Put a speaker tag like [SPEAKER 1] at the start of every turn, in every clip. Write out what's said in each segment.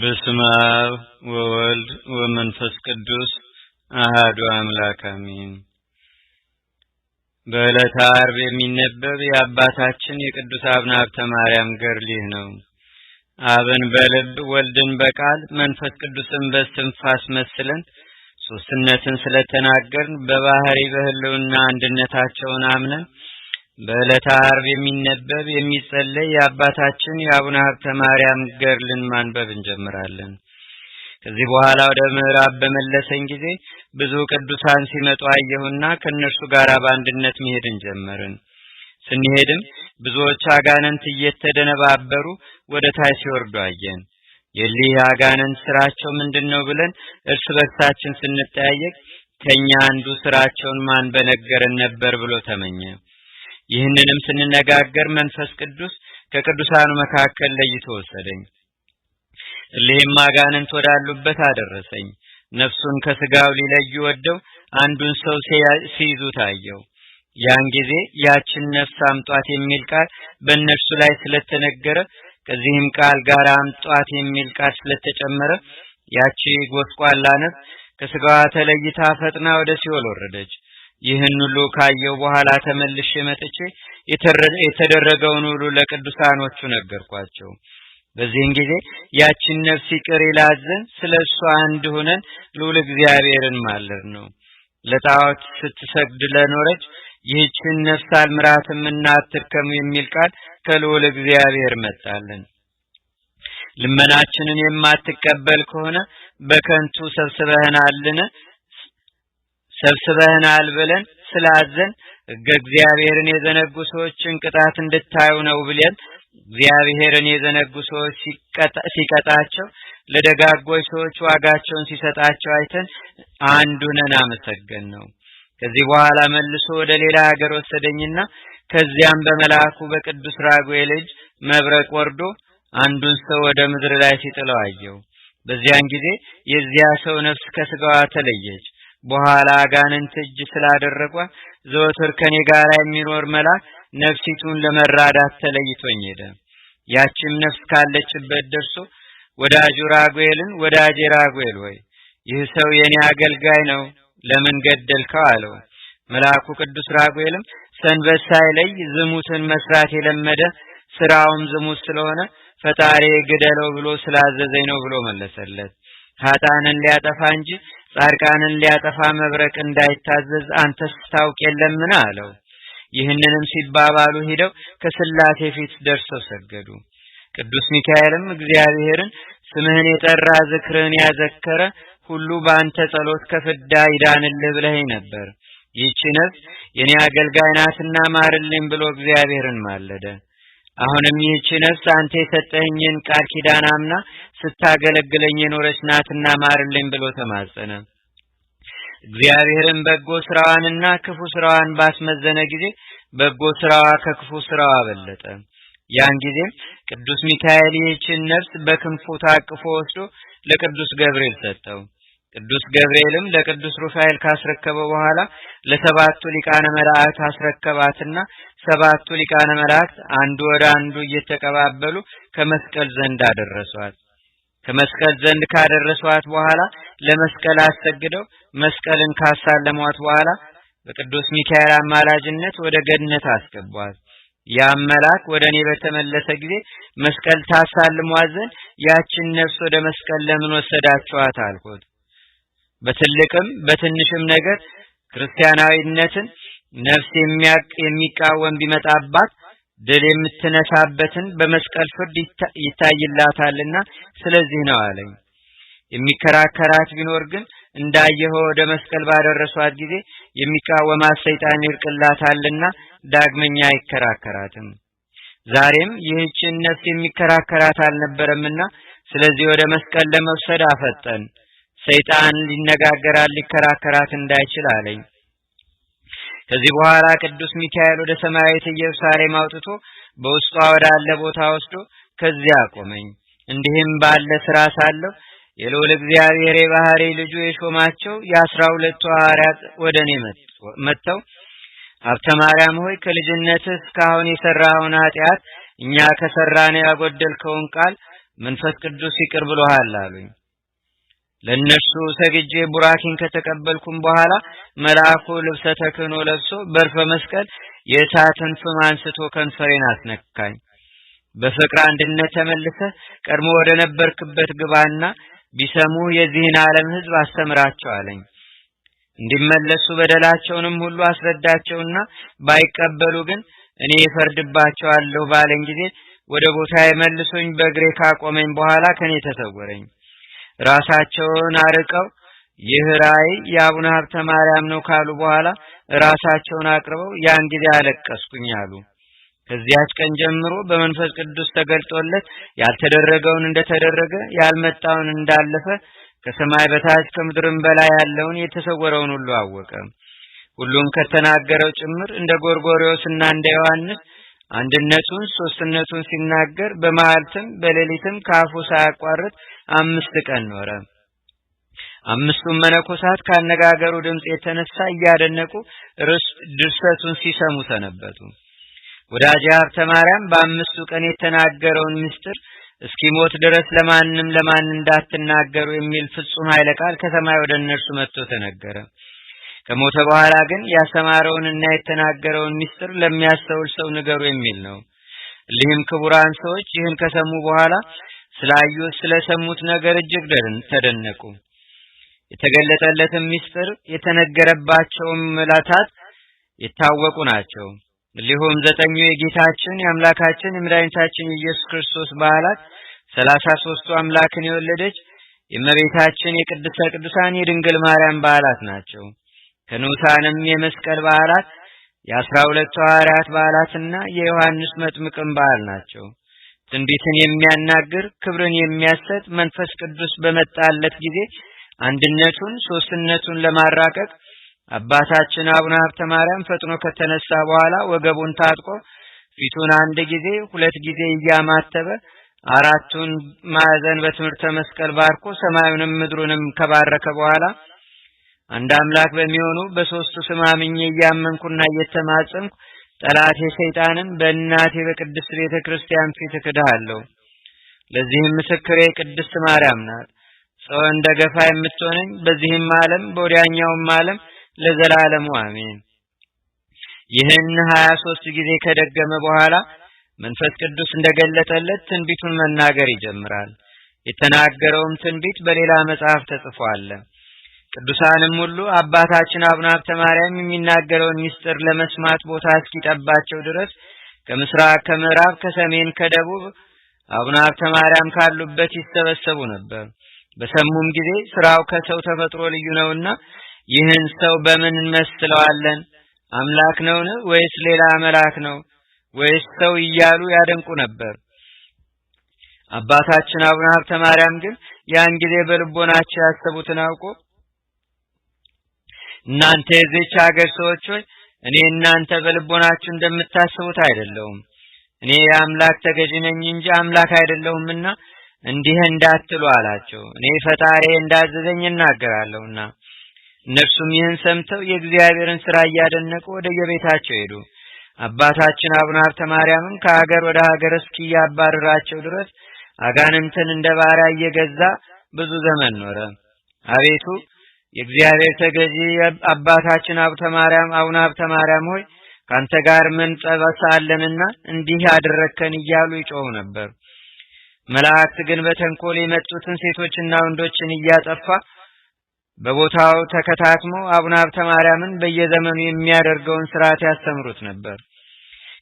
[SPEAKER 1] በስመ አብ ወወልድ ወመንፈስ ቅዱስ አህዱ አምላክ አሜን። በዕለተ ዓርብ የሚነበብ የአባታችን የቅዱስ አቡነ ሀብተ ማርያም ገድሊህ ነው። አብን በልብ ወልድን በቃል መንፈስ ቅዱስን በስንፋስ መስለን ሶስትነትን ስለተናገርን በባህሪ በህልውና አንድነታቸውን አምነን በዕለተ ዓርብ የሚነበብ የሚጸለይ የአባታችን የአቡነ ሀብተ ማርያም ገርልን ማንበብ እንጀምራለን። ከዚህ በኋላ ወደ ምዕራብ በመለሰኝ ጊዜ ብዙ ቅዱሳን ሲመጡ አየሁና ከእነርሱ ጋር በአንድነት መሄድን ጀመርን። ስንሄድም ብዙዎች አጋንንት እየተደነባበሩ ወደ ታች ሲወርዱ አየን። የሊህ አጋንንት ስራቸው ምንድን ነው ብለን እርስ በርሳችን ስንጠያየቅ ከእኛ አንዱ ስራቸውን ማን በነገረን ነበር ብሎ ተመኘ። ይህንንም ስንነጋገር መንፈስ ቅዱስ ከቅዱሳኑ መካከል ለይቶ ወሰደኝ፣ እሊህም አጋንንት ወዳሉበት አደረሰኝ። ነፍሱን ከስጋው ሊለዩ ወደው አንዱን ሰው ሲይዙ ታየው። ያን ጊዜ ያችን ነፍስ አምጧት የሚል ቃል በእነርሱ ላይ ስለተነገረ ከዚህም ቃል ጋር አምጧት የሚል ቃል ስለተጨመረ ያቺ ጎስቋላ ነፍስ ከስጋዋ ተለይታ ፈጥና ወደ ሲኦል ወረደች። ይህን ሁሉ ካየው በኋላ ተመልሼ መጥቼ የተደረገውን ሁሉ ለቅዱሳኖቹ ነገርኳቸው። በዚህን ጊዜ ያችን ነፍስ ይቅር ይላዘን ስለ እሷ አንድ ሆነን ልዑል እግዚአብሔርን ማለር ነው። ለጣዖት ስትሰግድ ለኖረች ይህችን ነፍስ አልምራትምና አትርከሙ የሚል ቃል ከልዑል እግዚአብሔር መጣልን። ልመናችንን የማትቀበል ከሆነ በከንቱ ሰብስበህናልን ሰብስበህናል ብለን ስላዘን እግዚአብሔርን የዘነጉ ሰዎችን ቅጣት እንድታዩ ነው ብለን እግዚአብሔርን የዘነጉ ሰዎች ሲቀጣቸው ለደጋጎች ሰዎች ዋጋቸውን ሲሰጣቸው አይተን አንዱነን አመሰገን ነው። ከዚህ በኋላ መልሶ ወደ ሌላ ሀገር ወሰደኝና ከዚያም በመልአኩ በቅዱስ ራጉኤ ልጅ መብረቅ ወርዶ አንዱን ሰው ወደ ምድር ላይ ሲጥለው አየው። በዚያን ጊዜ የዚያ ሰው ነፍስ ከስጋዋ ተለየች። በኋላ አጋንንት እጅ ስላደረጓ ዘወትር ከኔ ጋር የሚኖር መልአክ ነፍሲቱን ለመራዳት ተለይቶኝ ሄደ። ያችም ነፍስ ካለችበት ደርሶ ወዳጁ ራጉኤልን ወዳጄ ራጉኤል ሆይ ይህ ሰው የኔ አገልጋይ ነው፣ ለምን ገደልከው? አለው። መልአኩ ቅዱስ ራጉኤልም ሰንበት ሳይለይ ዝሙትን መስራት የለመደ ስራውም ዝሙት ስለሆነ ፈጣሪ ግደለው ብሎ ስላዘዘኝ ነው ብሎ መለሰለት። ሀጣንን ሊያጠፋ እንጂ ጻድቃንን ሊያጠፋ መብረቅ እንዳይታዘዝ አንተስ ታውቅ የለምን አለው። ይህንንም ሲባባሉ ሂደው ከስላሴ ፊት ደርሰው ሰገዱ። ቅዱስ ሚካኤልም እግዚአብሔርን ስምህን የጠራ ዝክርን ያዘከረ ሁሉ በአንተ ጸሎት ከፍዳ ይዳንልህ ብለኸኝ ነበር። ይህች ነፍስ የኔ አገልጋይ ናትና ማርልኝ ብሎ እግዚአብሔርን ማለደ። አሁንም ይህች ነፍስ አንተ የሰጠኝን ቃል ኪዳን አምና ስታገለግለኝ የኖረች ናትና ማርልኝ ብሎ ተማጸነ። እግዚአብሔርም በጎ ስራዋንና ክፉ ስራዋን ባስመዘነ ጊዜ በጎ ስራዋ ከክፉ ስራዋ በለጠ። ያን ጊዜም ቅዱስ ሚካኤል ይህችን ነፍስ በክንፉ ታቅፎ ወስዶ ለቅዱስ ገብርኤል ሰጠው። ቅዱስ ገብርኤልም ለቅዱስ ሩፋኤል ካስረከበ በኋላ ለሰባቱ ሊቃነ መላእክት አስረከባትና ሰባቱ ሊቃነ መላእክት አንዱ ወደ አንዱ እየተቀባበሉ ከመስቀል ዘንድ አደረሷት። ከመስቀል ዘንድ ካደረሷት በኋላ ለመስቀል አሰግደው መስቀልን ካሳለሟት በኋላ በቅዱስ ሚካኤል አማላጅነት ወደ ገነት አስገቧት። ያ መልአክ ወደ እኔ በተመለሰ ጊዜ መስቀል ታሳልሟት ዘንድ ያችን ነፍስ ወደ መስቀል ለምን ወሰዳችኋት? አልኩት። በትልቅም በትንሽም ነገር ክርስቲያናዊነትን ነፍስ የሚቃወም ቢመጣባት ድል የምትነሳበትን በመስቀል ፍርድ ይታይላታልና ስለዚህ ነው አለኝ። የሚከራከራት ቢኖር ግን እንዳየኸው ወደ መስቀል ባደረሷት ጊዜ የሚቃወማት ሰይጣን ይርቅላታልና ዳግመኛ አይከራከራትም። ዛሬም ይህችን ነፍስ የሚከራከራት አልነበረምና ስለዚህ ወደ መስቀል ለመውሰድ አፈጠን። ሰይጣን ሊነጋገራት ሊከራከራት እንዳይችል አለኝ። ከዚህ በኋላ ቅዱስ ሚካኤል ወደ ሰማያዊት ኢየሩሳሌም አውጥቶ በውስጧ ወዳለ ቦታ ወስዶ ከዚያ አቆመኝ። እንዲህም ባለ ስራ ሳለሁ የልዑል እግዚአብሔር የባህሪ ልጁ የሾማቸው የአስራ ሁለቱ ሐዋርያት ወደ እኔ መጥተው ሀብተ ማርያም ሆይ ከልጅነትህ እስካሁን የሰራኸውን ኃጢአት እኛ ከሰራን ያጎደልከውን ቃል መንፈስ ቅዱስ ይቅር ብሎሃል አሉኝ። ለነሱ ሰግጄ ቡራኪን ከተቀበልኩም በኋላ መልአኩ ልብሰ ተክህኖ ለብሶ በርፈ መስቀል የእሳትን ፍም አንስቶ ከንፈሬን አስነካኝ። በፍቅር አንድነት ተመልሰ ቀድሞ ወደ ነበርክበት ግባና ቢሰሙ የዚህን ዓለም ሕዝብ አስተምራቸው አለኝ። እንዲመለሱ በደላቸውንም ሁሉ አስረዳቸውና ባይቀበሉ ግን እኔ እፈርድባቸዋለሁ ባለኝ ጊዜ ወደ ቦታዬ መልሶኝ በእግሬ ካቆመኝ በኋላ ከኔ ተሰወረኝ። ራሳቸውን አርቀው ይህ ራእይ የአቡነ ሀብተ ማርያም ነው ካሉ በኋላ ራሳቸውን አቅርበው ያን ጊዜ አለቀስኩኝ አሉ። ከዚያች ቀን ጀምሮ በመንፈስ ቅዱስ ተገልጦለት ያልተደረገውን እንደተደረገ ያልመጣውን እንዳለፈ ከሰማይ በታች ከምድርም በላይ ያለውን የተሰወረውን ሁሉ አወቀ። ሁሉም ከተናገረው ጭምር እንደ ጎርጎሪዎስና እንደ ዮሐንስ አንድነቱን ሶስትነቱን ሲናገር በመዓልትም በሌሊትም ካፉ ሳያቋርጥ አምስት ቀን ኖረ። አምስቱም መነኮሳት ካነጋገሩ ድምፅ የተነሳ እያደነቁ ድርሰቱን ሲሰሙ ሰነበቱ። ወዳጄ ሀብተ ማርያም በአምስቱ ቀን የተናገረውን ምስጢር እስኪሞት ድረስ ለማንም ለማን እንዳትናገሩ የሚል ፍጹም ኃይለ ቃል ከሰማይ ወደ እነርሱ መጥቶ ተነገረ። ከሞተ በኋላ ግን ያስተማረውንና የተናገረውን ሚስጥር ለሚያስተውል ሰው ንገሩ የሚል ነው። እሊህም ክቡራን ሰዎች ይህን ከሰሙ በኋላ ስላዩ ስለሰሙት ነገር እጅግ ተደነቁ። የተገለጠለትም ሚስጥር የተነገረባቸውም መላታት የታወቁ ናቸው። እንዲሁም ዘጠኙ የጌታችን የአምላካችን የመድኃኒታችን የኢየሱስ ክርስቶስ በዓላት ሰላሳ ሶስቱ አምላክን የወለደች የእመቤታችን የቅድስተ ቅዱሳን የድንግል ማርያም በዓላት ናቸው። ከንዑሳንም የመስቀል በዓላት የአስራ ሁለቱ ሐዋርያት በዓላትና የዮሐንስ መጥምቅም በዓል ናቸው። ትንቢትን የሚያናግር ክብርን የሚያሰጥ መንፈስ ቅዱስ በመጣለት ጊዜ አንድነቱን ሶስትነቱን ለማራቀቅ አባታችን አቡነ ሀብተ ማርያም ፈጥኖ ከተነሳ በኋላ ወገቡን ታጥቆ ፊቱን አንድ ጊዜ ሁለት ጊዜ እያማተበ አራቱን ማዕዘን በትምህርተ መስቀል ባርኮ ሰማዩንም ምድሩንም ከባረከ በኋላ አንድ አምላክ በሚሆኑ በሶስቱ ስም አምኜ እያመንኩና እየተማጸንኩ ጠላቴ ሰይጣንን በእናቴ በቅድስት ቤተ ክርስቲያን ፊት እክድሃለሁ። ለዚህም ምስክሬ ቅድስት ማርያም ናት። ጾም እንደ ገፋ የምትሆነኝ በዚህም ዓለም በወዲያኛውም ዓለም ለዘላለሙ አሜን። ይህን ሀያ ሶስት ጊዜ ከደገመ በኋላ መንፈስ ቅዱስ እንደገለጠለት ትንቢቱን መናገር ይጀምራል። የተናገረውም ትንቢት በሌላ መጽሐፍ ተጽፏል። ቅዱሳንም ሁሉ አባታችን አቡነ ሀብተ ማርያም የሚናገረውን ምስጢር ለመስማት ቦታ እስኪጠባቸው ድረስ ከምስራቅ፣ ከምዕራብ፣ ከሰሜን፣ ከደቡብ አቡነ ሀብተ ማርያም ካሉበት ይሰበሰቡ ነበር። በሰሙም ጊዜ ስራው ከሰው ተፈጥሮ ልዩ ነውና ይህን ሰው በምን እንመስለዋለን? አምላክ ነውን? ወይስ ሌላ መልአክ ነው? ወይስ ሰው እያሉ ያደንቁ ነበር። አባታችን አቡነ ሀብተ ማርያም ግን ያን ጊዜ በልቦናቸው ያሰቡትን አውቆ እናንተ የዚች ሀገር ሰዎች ሆይ እኔ እናንተ በልቦናችሁ እንደምታስቡት አይደለሁም። እኔ የአምላክ ተገዥ ነኝ እንጂ አምላክ አይደለሁምና እንዲህ እንዳትሉ አላቸው። እኔ ፈጣሪ እንዳዘዘኝ እናገራለሁና። እነርሱም ይህን ሰምተው የእግዚአብሔርን ስራ እያደነቁ ወደ የቤታቸው ሄዱ። አባታችን አቡነ ሀብተ ማርያምም ከሀገር ወደ ሀገር እስኪያባርራቸው ድረስ አጋንንትን እንደ ባሪያ እየገዛ ብዙ ዘመን ኖረ። አቤቱ የእግዚአብሔር ተገዢ አባታችን አብተ ማርያም አቡነ አብተ ማርያም ሆይ ካንተ ጋር ምን ጸበሳለንና እንዲህ ያደረከን እያሉ ይጮሁ ነበር። መላእክት ግን በተንኮል የመጡትን ሴቶችና ወንዶችን እያጠፋ በቦታው ተከታትሞ አቡነ አብተ ማርያምን በየዘመኑ የሚያደርገውን ስርዓት ያስተምሩት ነበር።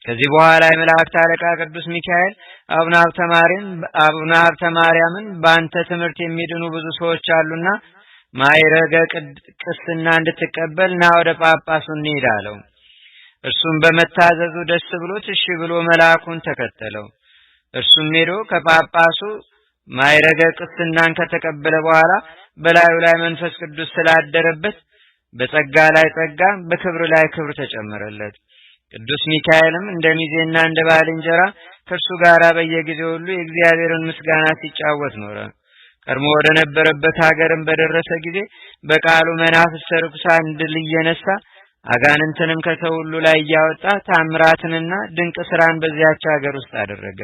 [SPEAKER 1] ከዚህ በኋላ የመላእክት አለቃ ቅዱስ ሚካኤል አቡነ አብተ ማርያምን በአንተ ትምህርት የሚድኑ ብዙ ሰዎች አሉና ማይረገ ቅስና እንድትቀበል ና ወደ ጳጳሱ እንሂድ አለው። እርሱም በመታዘዙ ደስ ብሎት እሺ ብሎ መልአኩን ተከተለው። እርሱም ሄዶ ከጳጳሱ ማይረገ ቅስናን ከተቀበለ በኋላ በላዩ ላይ መንፈስ ቅዱስ ስላደረበት በጸጋ ላይ ጸጋ፣ በክብር ላይ ክብር ተጨመረለት። ቅዱስ ሚካኤልም እንደ ሚዜና እንደ ባልንጀራ ከእርሱ ጋር በየጊዜው ሁሉ የእግዚአብሔርን ምስጋና ሲጫወት ኖረ። ቀድሞ ወደ ነበረበት ሀገርም በደረሰ ጊዜ በቃሉ መናፍስተ ርኩሳን ድል እየነሳ አጋንንትንም ከሰው ሁሉ ላይ እያወጣ ታምራትንና ድንቅ ስራን በዚያች ሀገር ውስጥ አደረገ።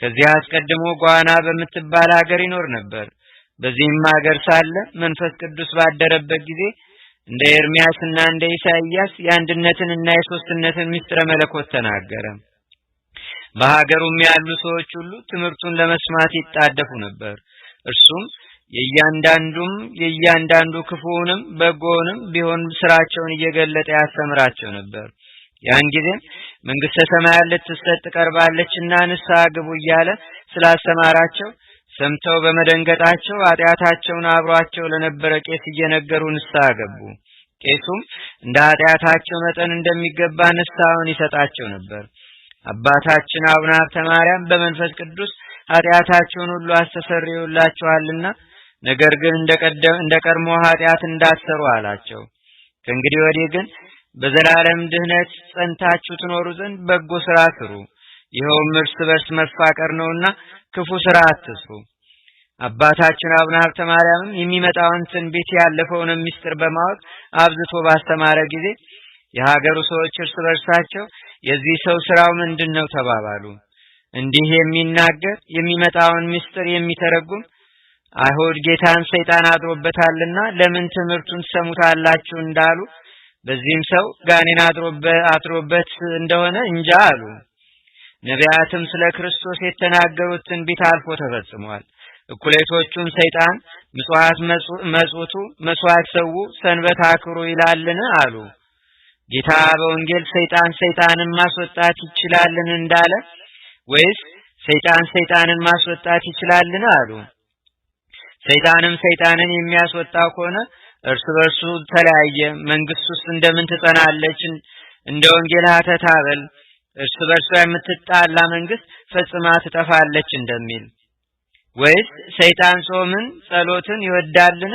[SPEAKER 1] ከዚህ አስቀድሞ ጓና በምትባል ሀገር ይኖር ነበር። በዚህም ሀገር ሳለ መንፈስ ቅዱስ ባደረበት ጊዜ እንደ ኤርሚያስና እንደ ኢሳይያስ የአንድነትንና የሶስትነትን ምስጢረ መለኮት ተናገረ። በሀገሩም ያሉ ሰዎች ሁሉ ትምህርቱን ለመስማት ይጣደፉ ነበር። እርሱም የእያንዳንዱም የእያንዳንዱ ክፉውንም በጎውንም ቢሆን ስራቸውን እየገለጠ ያስተምራቸው ነበር። ያን ጊዜም መንግስተ ሰማያት ልትሰጥ ቀርባለችና ንሳ ግቡ እያለ ስላስተማራቸው ሰምተው በመደንገጣቸው አጢአታቸውን አብሯቸው ለነበረ ቄስ እየነገሩ ንሳ ገቡ። ቄሱም እንደ አጢአታቸው መጠን እንደሚገባ ንሳውን ይሰጣቸው ነበር። አባታችን አቡነ ሀብተ ማርያም በመንፈስ ቅዱስ ኃጢአታችሁን ሁሉ አስተሰርዩላችኋልና ነገር ግን እንደ ቀድሞ ኃጢአት እንዳትሰሩ አላቸው። ከእንግዲህ ወዲህ ግን በዘላለም ድህነት ጸንታችሁ ትኖሩ ዘንድ በጎ ስራ ስሩ፣ ይኸውም እርስ በርስ መፋቀር ነውና ክፉ ስራ አትስሩ። አባታችን አቡነ ሀብተ ማርያምም የሚመጣውን ትንቢት ያለፈውን ምስጢር በማወቅ አብዝቶ ባስተማረ ጊዜ የሀገሩ ሰዎች እርስ በርሳቸው የዚህ ሰው ስራው ምንድን ነው ተባባሉ። እንዲህ የሚናገር የሚመጣውን ምስጢር የሚተረጉም አይሁድ ጌታን ሰይጣን አድሮበታልና ለምን ትምህርቱን ትሰሙታላችሁ እንዳሉ በዚህም ሰው ጋኔን አድሮበት እንደሆነ እንጃ አሉ። ነቢያትም ስለ ክርስቶስ የተናገሩት ትንቢት አልፎ ተፈጽሟል። እኩሌቶቹን ሰይጣን ምጽዋት መጽቱ መስዋዕት ሰው ሰንበት አክብሩ ይላልን አሉ። ጌታ በወንጌል ሰይጣን ሰይጣንን ማስወጣት ይችላልን እንዳለ ወይስ ሰይጣን ሰይጣንን ማስወጣት ይችላልን አሉ ሰይጣንም ሰይጣንን የሚያስወጣ ከሆነ እርስ በርሱ ተለያየ መንግስት ውስጥ እንደምን ትጸናለች እንደ ወንጌል ሀተታ እርስ በርሷ የምትጣላ መንግስት ፈጽማ ትጠፋለች እንደሚል ወይስ ሰይጣን ጾምን ጸሎትን ይወዳልን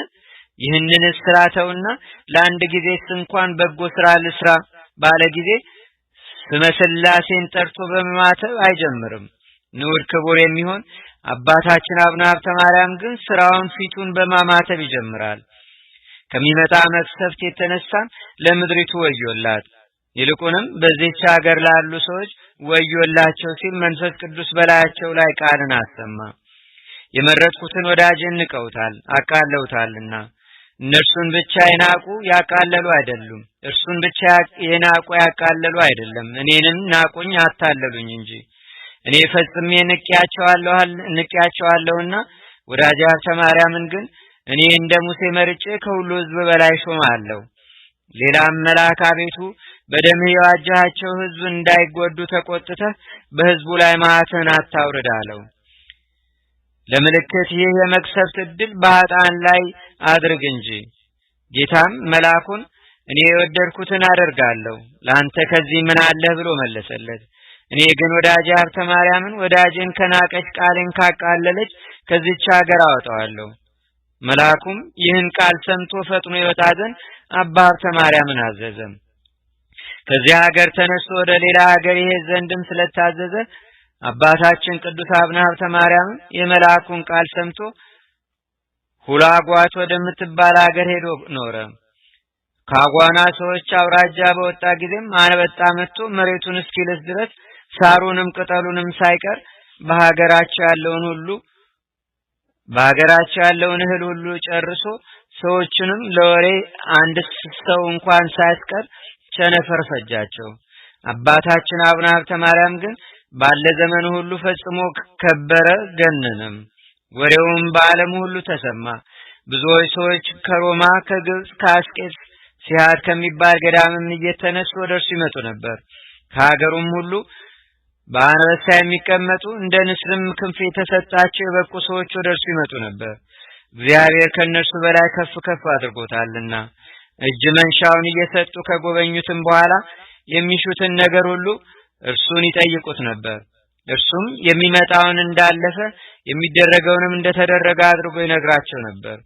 [SPEAKER 1] ይህንን ስራተውና ለአንድ ጊዜ እንኳን በጎ ስራ ልስራ ባለ ጊዜ ስመ ጠርቶ በመማተብ አይጀምርም። ንዑድ ክቡር የሚሆን አባታችን አቡነ ሀብተ ማርያም ግን ስራውን ፊቱን በማማተብ ይጀምራል። ከሚመጣ መቅሰፍት የተነሳም ለምድሪቱ ወዮላት፣ ይልቁንም በዚህች ሀገር ላሉ ሰዎች ወዮላቸው ሲል መንፈስ ቅዱስ በላያቸው ላይ ቃልን አሰማ። የመረጥኩትን ወዳጅ ንቀውታል፣ አቃለውታልና እነርሱን ብቻ የናቁ ያቃለሉ አይደሉም። እርሱን ብቻ የናቁ ያቃለሉ አይደለም። እኔንም ናቁኝ አታለሉኝ እንጂ እኔ ፈጽሜ ንቅያቸዋለሁና ወዳጅ ሀብተ ማርያምን ግን እኔ እንደ ሙሴ መርጬ ከሁሉ ህዝብ በላይ ሾማለሁ። ሌላም መልአክ አቤቱ በደምህ የዋጃቸው ህዝብ እንዳይጎዱ ተቆጥተህ በህዝቡ ላይ መዓትን አታውርድ አለው። ለምልክት ይህ የመቅሰፍት እድል በኃጥአን ላይ አድርግ እንጂ። ጌታም መልአኩን እኔ የወደድኩትን አደርጋለሁ ለአንተ ከዚህ ምን አለህ ብሎ መለሰለት። እኔ ግን ወዳጅ ሀብተ ማርያምን ወዳጅን ከናቀች ቃልን ካቃለለች ከዚች ሀገር አወጣዋለሁ። መልአኩም ይህን ቃል ሰምቶ ፈጥኖ ይወጣ ዘንድ አባ ሀብተ ማርያምን አዘዘም። ከዚያ ሀገር ተነስቶ ወደ ሌላ ሀገር ይሄድ ዘንድም ስለታዘዘ አባታችን ቅዱስ አቡነ ሀብተ ማርያም የመልአኩን ቃል ሰምቶ ሁላጓት ወደምትባል አገር ሄዶ ኖረ። ከአጓና ሰዎች አውራጃ በወጣ ጊዜም አንበጣ መጥቶ መሬቱን እስኪልስ ድረስ ሳሩንም ቅጠሉንም ሳይቀር በሀገራቸው ያለውን ሁሉ በሀገራቸው ያለውን እህል ሁሉ ጨርሶ ሰዎችንም ለወሬ አንድ ሰው እንኳን ሳያስቀር ቸነፈር ፈጃቸው። አባታችን አቡነ ሀብተ ማርያም ግን ባለ ዘመን ሁሉ ፈጽሞ ከበረ ገነነም። ወሬውም በዓለም ሁሉ ተሰማ። ብዙዎች ሰዎች ከሮማ፣ ከግብፅ፣ ከአስቄት ሲያድ ከሚባል ገዳምም እየተነሱ ወደ እርሱ ይመጡ ነበር። ከሀገሩም ሁሉ በአንበሳ የሚቀመጡ እንደ ንስርም ክንፍ የተሰጣቸው የበቁ ሰዎች ወደ እርሱ ይመጡ ነበር። እግዚአብሔር ከእነርሱ በላይ ከፍ ከፍ አድርጎታልና እጅ መንሻውን እየሰጡ ከጎበኙትም በኋላ የሚሹትን ነገር ሁሉ እርሱን ይጠይቁት ነበር። እርሱም የሚመጣውን እንዳለፈ የሚደረገውንም እንደተደረገ አድርጎ ይነግራቸው ነበር።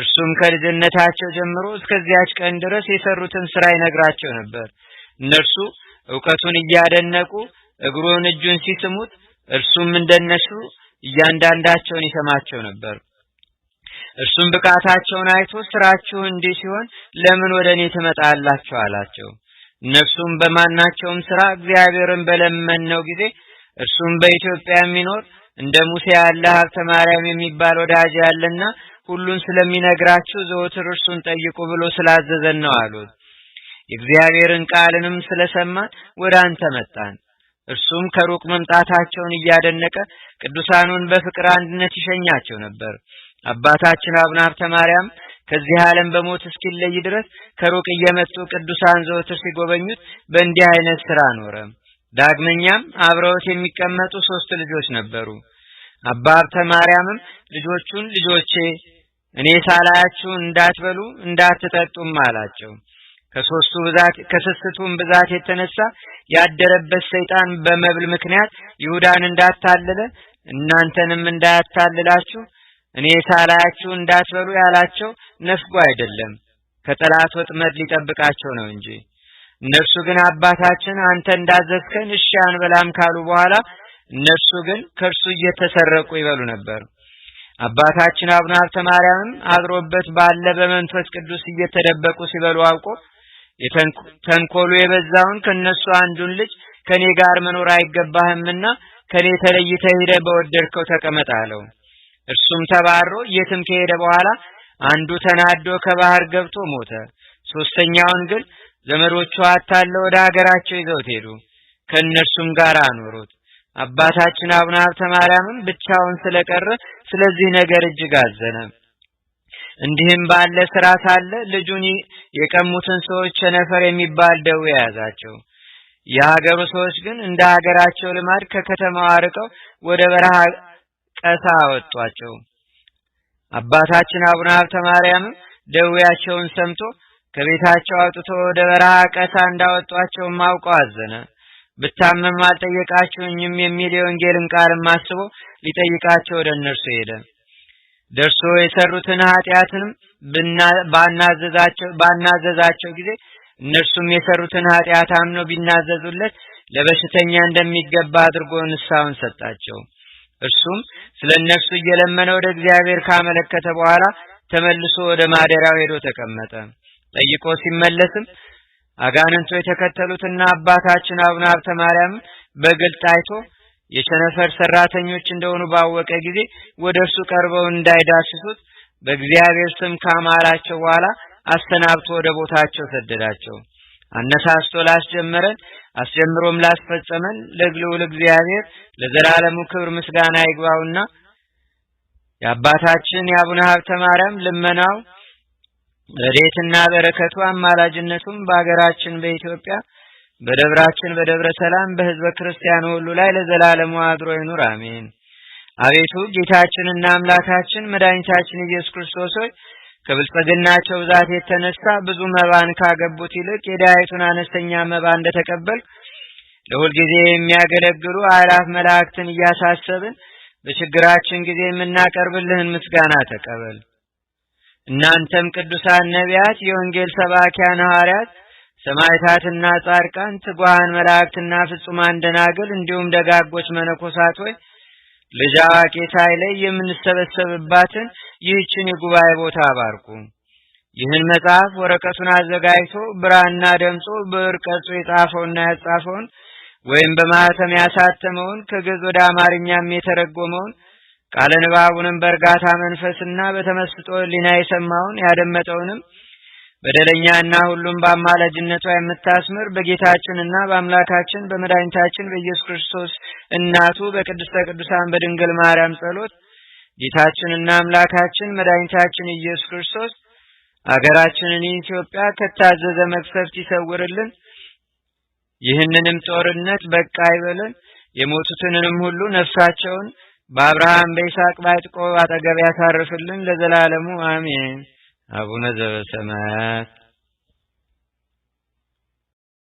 [SPEAKER 1] እርሱም ከልጅነታቸው ጀምሮ እስከዚያች ቀን ድረስ የሰሩትን ስራ ይነግራቸው ነበር። እነርሱ እውቀቱን እያደነቁ እግሩን፣ እጁን ሲስሙት እርሱም እንደነሱ እያንዳንዳቸውን ይሰማቸው ነበር። እርሱም ብቃታቸውን አይቶ ስራችሁ እንዲህ ሲሆን ለምን ወደ እኔ ትመጣላችሁ? አላቸው። እነርሱም በማናቸውም ስራ እግዚአብሔርን በለመን ነው ጊዜ እርሱም በኢትዮጵያ የሚኖር እንደ ሙሴ ያለ ሀብተ ማርያም የሚባል ወዳጅ ያለና ሁሉን ስለሚነግራችሁ ዘወትር እርሱን ጠይቁ ብሎ ስላዘዘን ነው አሉት። የእግዚአብሔርን ቃልንም ስለሰማን ወደ አንተ መጣን። እርሱም ከሩቅ መምጣታቸውን እያደነቀ ቅዱሳኑን በፍቅር አንድነት ይሸኛቸው ነበር። አባታችን አቡነ ሀብተ ማርያም ከዚህ ዓለም በሞት እስኪለይ ድረስ ከሩቅ እየመጡ ቅዱሳን ዘወትር ሲጎበኙት በእንዲህ አይነት ስራ ኖረ። ዳግመኛም አብረውት የሚቀመጡ ሶስት ልጆች ነበሩ። አባ ሀብተ ማርያምም ልጆቹን ልጆቼ እኔ ሳላያችሁ እንዳትበሉ እንዳትጠጡም አላቸው። ከሶስቱ ብዛት ከስስቱም ብዛት የተነሳ ያደረበት ሰይጣን በመብል ምክንያት ይሁዳን እንዳታለለ እናንተንም እንዳያታልላችሁ እኔ ሳላያችሁ እንዳትበሉ ያላቸው ነፍጎ አይደለም፣ ከጠላት ወጥመድ ሊጠብቃቸው ነው እንጂ። እነርሱ ግን አባታችን አንተ እንዳዘዝከን እሺ አንበላም ካሉ በኋላ እነርሱ ግን ከእርሱ እየተሰረቁ ይበሉ ነበር። አባታችን አቡነ ሀብተ ማርያምም አድሮበት ባለ በመንፈስ ቅዱስ እየተደበቁ ሲበሉ አውቆ ተንኮሉ የበዛውን ከነሱ አንዱን ልጅ ከኔ ጋር መኖር አይገባህምና ከኔ ተለይተህ ሄደህ በወደድከው ተቀመጥ አለው። እርሱም ተባሮ የትም ከሄደ በኋላ አንዱ ተናዶ ከባህር ገብቶ ሞተ። ሶስተኛውን ግን ዘመዶቹ አታለው ወደ ሀገራቸው ይዘውት ሄዱ። ከእነርሱም ጋር አኖሩት። አባታችን አቡነ ሀብተ ማርያምም ብቻውን ስለቀረ ስለዚህ ነገር እጅግ አዘነ። እንዲህም ባለ ስራ ሳለ ልጁን የቀሙትን ሰዎች ቸነፈር የሚባል ደዌ የያዛቸው። የሀገሩ ሰዎች ግን እንደ ሀገራቸው ልማድ ከከተማው አርቀው ወደ በረሃ ቀሳ አወጧቸው። አባታችን አቡነ ሀብተ ማርያም ደዌያቸውን ሰምቶ ከቤታቸው አውጥቶ ወደ በረሃ ቀሳ እንዳወጧቸውም አውቆ አዘነ። ብታመም አልጠየቃችሁኝም የሚል የወንጌልን ቃልም አስቦ ሊጠይቃቸው ወደ እነርሱ ሄደ። ደርሶ የሰሩትን ኃጢአትንም ባናዘዛቸው ጊዜ እነርሱም የሰሩትን ኃጢአት አምኖ ቢናዘዙለት ለበሽተኛ እንደሚገባ አድርጎ ንስሐውን ሰጣቸው። እርሱም ስለ እነርሱ እየለመነ ወደ እግዚአብሔር ካመለከተ በኋላ ተመልሶ ወደ ማደሪያው ሄዶ ተቀመጠ። ጠይቆ ሲመለስም አጋንንቶ የተከተሉትና አባታችን አቡነ ሀብተ ማርያም በግልጥ አይቶ የቸነፈር ሰራተኞች እንደሆኑ ባወቀ ጊዜ ወደ እርሱ ቀርበው እንዳይዳስሱት በእግዚአብሔር ስም ካማላቸው በኋላ አሰናብቶ ወደ ቦታቸው ሰደዳቸው። አነሳስቶ ላስጀመረን አስጀምሮም ላስፈጸመን ለልዑል እግዚአብሔር ለዘላለሙ ክብር ምስጋና ይግባውና የአባታችን የአቡነ ሀብተ ማርያም ልመናው ረድኤትና በረከቱ አማላጅነቱም በሀገራችን በኢትዮጵያ በደብራችን በደብረ ሰላም በህዝበ ክርስቲያን ሁሉ ላይ ለዘላለሙ አድሮ ይኑር፣ አሜን። አቤቱ ጌታችንና አምላካችን መድኃኒታችን ኢየሱስ ክርስቶስ ሆይ ከብልጽግናቸው ብዛት የተነሳ ብዙ መባን ካገቡት ይልቅ የዳይቱን አነስተኛ መባ እንደተቀበል ለሁልጊዜ የሚያገለግሉ አራፍ መላእክትን እያሳሰብን በችግራችን ጊዜ የምናቀርብልህን ምስጋና ተቀበል። እናንተም ቅዱሳን ነቢያት፣ የወንጌል ሰባኪያን ሐዋርያት፣ ሰማይታትና ጻድቃን፣ ትጓሃን መላእክትና ፍጹማን ደናገል እንዲሁም ደጋጎች መነኮሳት ሆይ ልጅ ጌታዬ ላይ የምንሰበሰብባትን ይህችን የጉባኤ ቦታ አባርኩ። ይህን መጽሐፍ ወረቀቱን አዘጋጅቶ ብራና ደምጾ ብዕር ቀርጾ የጻፈውና ያጻፈውን ወይም በማህተም ያሳተመውን ከግዕዝ ወደ አማርኛም የተረጎመውን ቃለ ንባቡንም በእርጋታ መንፈስና በተመስጦ ሊና የሰማውን ያደመጠውንም በደለኛ እና ሁሉም በአማላጅነቷ የምታስምር በጌታችንና በአምላካችን በመድኃኒታችን በኢየሱስ ክርስቶስ እናቱ በቅድስተ ቅዱሳን በድንግል ማርያም ጸሎት ጌታችንና አምላካችን መድኃኒታችን ኢየሱስ ክርስቶስ አገራችንን ኢትዮጵያ ከታዘዘ መቅሰፍት ይሰውርልን፣ ይህንንም ጦርነት በቃ ይበልን፣ የሞቱትንንም ሁሉ ነፍሳቸውን በአብርሃም በይስሐቅ በያዕቆብ አጠገብ ያሳርፍልን፣ ለዘላለሙ አሜን። ابو نجب شمت